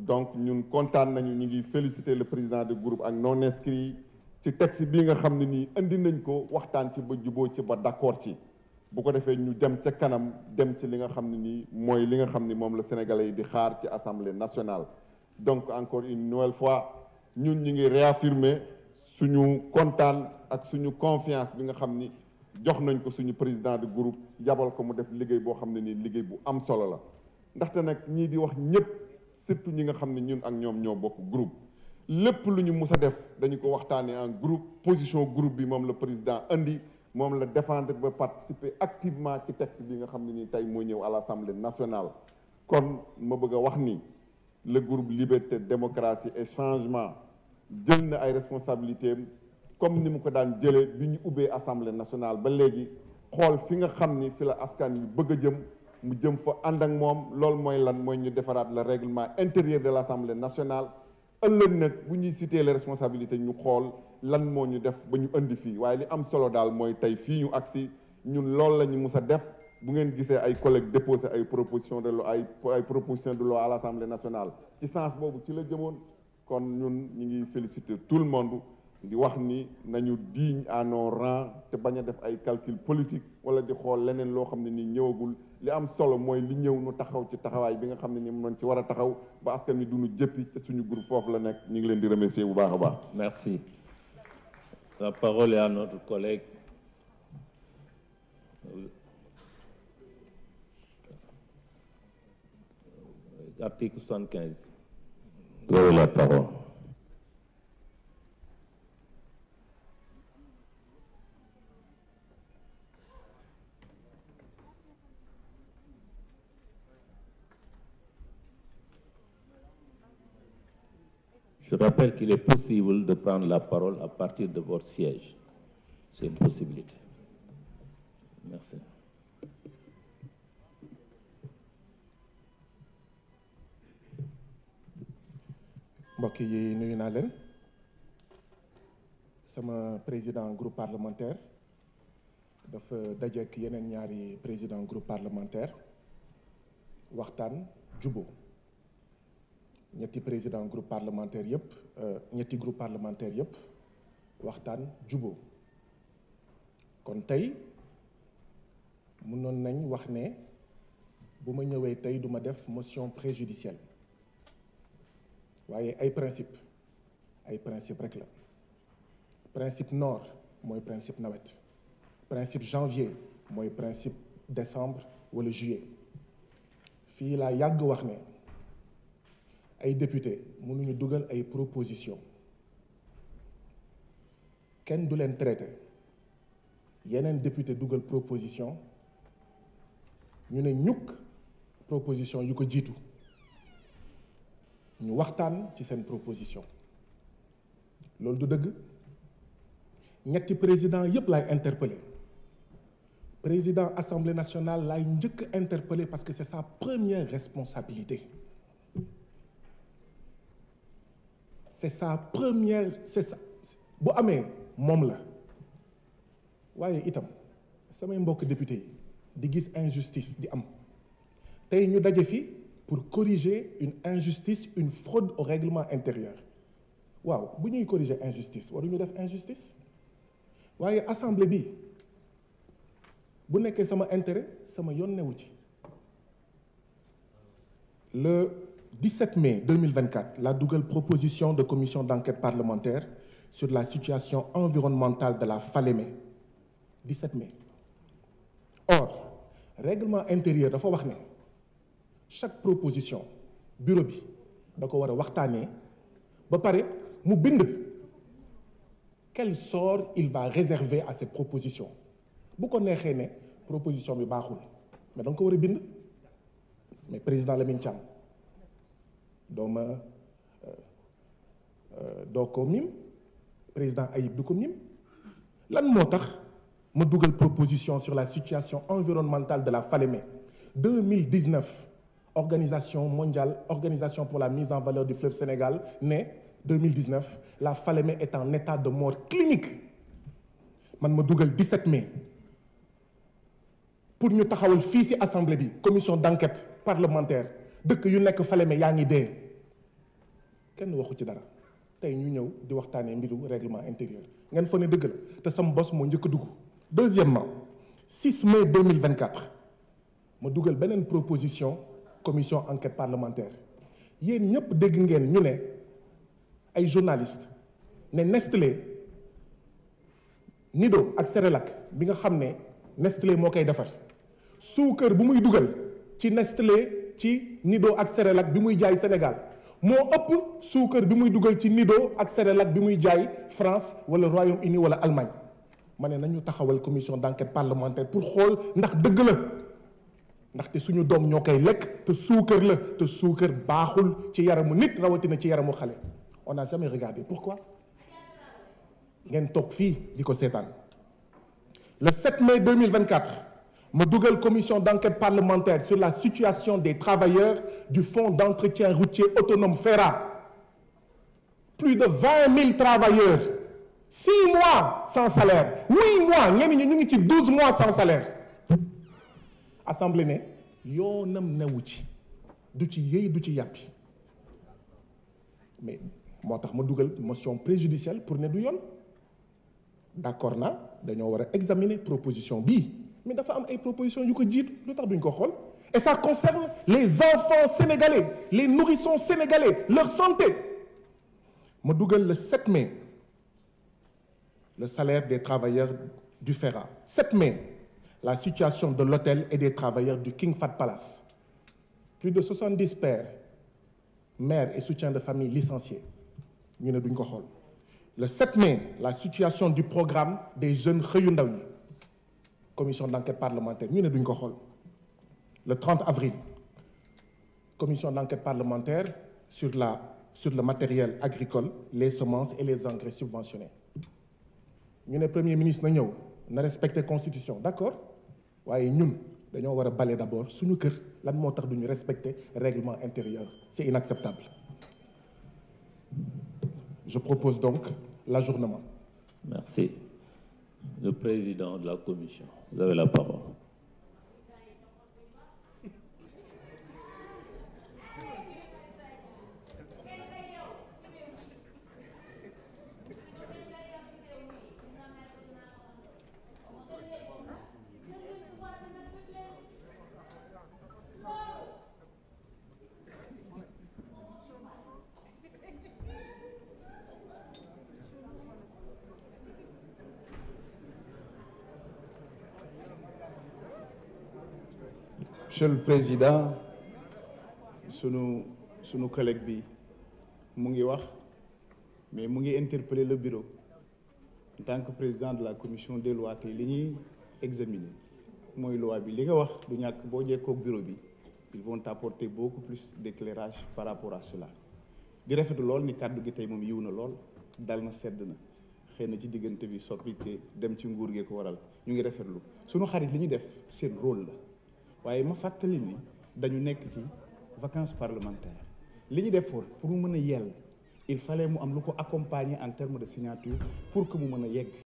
donc ñun kontaan nañu ñu ngi félicité le président de groupe ak non inscrit ci texte bii nga xam ne nii indi nañ ko waxtaan ci ba juboo ci ba d'accord ci bu ko defee ñu dem ca kanam dem ci li nga xam ne nii mooy li nga xam ni moom la sénégalais yi di xaar ci assemblée nationale donc encore une nouvelle fois ñun ñu ngi réaffirmer suñu kontaan ak suñu confiance bi nga xam ni jox nañ ko suñu président du groupe yabal ko mu def liggéey boo xam ne nii liggéey bu am solo la ndaxte nag ñii di wax ñëpp surtout ñi nga xam ne ñun ak ñoom ñoo bokk group lépp lu ñu mus a def dañu ko waxtaanee en groupe position groupe bi moom la président indi moom la défendre ba participer activement ci texte bi nga xam ne ni tey moo ñëw à l'Assemblée nationale kon ma bëgg a wax ni le groupe liberté démocratie et changement jël na ay responsabilités comme ni mu ko daan jëlee bi ñu ubbee assemblée nationale ba léegi xool fi nga xam ni fi la askan yu bëgg a jëm mu jëm fa ànd ak moom loolu mooy lan mooy ñu defaraat la règlement intérieur de l'Assemblée nationale ëllëg nag bu ñuy citer les responsabilités ñu xool lan moo ñu def ba ñu indi fii waaye li am solo daal mooy tey fii ñu agsi ñun loolu la ñu mus a def bu ngeen gisee ay collègues déposé ay proposition de loi ay ay proposition de loi à l'Assemblée nationale ci sens boobu ci la jëmoon kon ñun ñu ngi féliciter tout le monde di wax ni nañu digne à nos te bañ a def ay calcul politique wala di xool leneen loo xam ne nii ñëwagul li am solo mooy li ñëw nu taxaw ci taxawaay bi nga xam ne ni mu doon ci war a taxaw ba askan wi duñu jëppi te suñu groupe foofu la nekk ñu ngi leen di remercier bu baax a baax. merci la parole est à notre Je rappelle qu'il est possible de prendre la parole à partir de votre siège. C'est une possibilité. Merci. mbokk yi nuyu naa leen sama président groupe parlementaire dafa dajeek yeneen ñaari président groupe parlementaire waxtaan jubóo ñetti président groupe parlementaire yëpp euh, ñetti groupe parlementaire yëpp waxtaan juboo kon tey mënoon nañ wax ne bu ma ñëwee tey du ma def motion préjudicielle waaye ay principe ay principe rek la principe nord mooy principe nawet principe janvier mooy principe décembre wala juillet fii laa yàgg wax ne ay député mënuñu dugal ay proposition kenn du leen traité yeneen député dugal proposition ñu ne ñukk proposition yu ko jiitu ñu waxtaan ci seen proposition loolu du dëgg ñetti président yépp laay interpellé président assemblée nationale laay njëkk interpellé parce que c'est sa première responsabilité c'est sa première c'est ça bu amee moom la waaye itam samay mbokk député yi di gis injustice di am tey ñu daje fi pour corriger une injustice une fraude au règlement intérieur waaw bu ñuy corriger injustice waruñu def injustice waaye assemblée bi bu nekkee sama intérêt sama yoon newu ci le 17 mai 2024 la dugal proposition de commission d'enquête parlementaire sur la situation environnementale de la Falémé 17 mai or règlement intérieur dafa wax ne chaque proposition bureau bi da ko war a waxtaanee ba pare mu bind quel sort il va réserver à cette proposition bu ko neexee ne proposition bi baaxul mais da nga ko war a bind mais président Lamine Thiam dooma euh, euh, doo ko mim président Ayib du ko mim lan moo tax ma dugal proposition sur la situation environnementale de la Falémé 2019 organisation mondiale organisation pour la mise en valeur du fleuve Sénégal ne 2019 la Falémé est en état de mort clinique man ma dugal 17 mai pour ñu taxawal fii ci assemblée bi commission d'enquête parlementaire dëkk yu nekk Falémé yaa ngi dee kenn waxu ci dara tey ñu ñëw di waxtaanee mbiru règlement intérieur ngeen fa ne dëgg la te sama bos moo njëkk a dugg. deuxièmement 6 mai 2024 ma dugal beneen proposition commission enquête parlementaire yéen ñëpp dégg ngeen ñu ne ay journaliste ne Nestlé Nido ak Cerelac bi nga xam ne Nestlé moo koy defar suukar bu muy dugal ci Nestlé ci Nido ak Cerelac bi muy jaay Sénégal. moo ëpp suukar bi muy dugal ci nido ak céréales bi muy jaay France wala Royaume-Uni wala Allemagne ma ne nañu taxawal commission d'enquête parlementaire pour xool ndax dëgg la ndaxte suñu doom ñoo koy lekk te suukar la te suukar baaxul ci yaramu nit rawatina ci yaramu xale on n'a jamais pour pourquoi ngeen toog fii di ko seetaan le 7 mai 2024 ma dugal commission d'enquête parlementaire sur la situation des travailleurs du fonds d'entretien routier autonome FERA plus de vingt mille travailleurs six mois sans salaire huit mois ñenn ñi ñu ngi ci douze mois sans salaire assemblée ne yoonam newu ci du ci yëy du ci yàppi mais moo tax ma dugal motion préjudicielle pour ne du yoon d'accord na dañoo war a examiner proposition bi mais dafa am ay propositions yu ko jiitu lu tax duñ ko xool et ça concerne les enfants sénégalais les nourrissons sénégalais leur santé ma dugal le 7 mai le salaire des travailleurs du FERA 7 mai la situation de l'hôtel et des travailleurs du King Fat Palace plus de 70 pères mères et soutiens de famille licenciés ñu ne duñ ko xool le 7 mai la situation du programme des jeunes xëyu ndaw ñi commission d'enquête parlementaire ñu ne duñ ko xool le 30 avril commission d'enquête parlementaire sur la sur le matériel agricole les semences et les engrais subventionnés ñu ne premier ministre na ñëw na respecter constitution d'accord waaye ñun dañoo war a bale d'abord suñu kër lan moo tax duñu respecter règlement intérieur c'est inacceptable je propose donc l'ajournement merci le président de la commission Vous avez la parole. monsieur le président sunu sunu collègue bi mu ngi wax mais mu ngi interpeller le bureau en tant que président de la commission des lois tey li ñuy examiner mooy loi bi li nga wax du ñàkk boo jekkoog bureau bi ils vont apporter beaucoup plus d'éclairage par rapport à cela di rafetu lool ni kàddu gi tey moom yiw na lool dal na sedd na xëy na ci diggante bi soppite dem ci nguur gee ko waral ñu ngi rafetlu sunu xarit li ñu def seen rôle la waaye ma fàttali ni dañu nekk ci vacance parlementaires li ñu defoon pour mu mën a yell il fale mu am lu ko accompagner en terme de signature pour que mu mën a yegg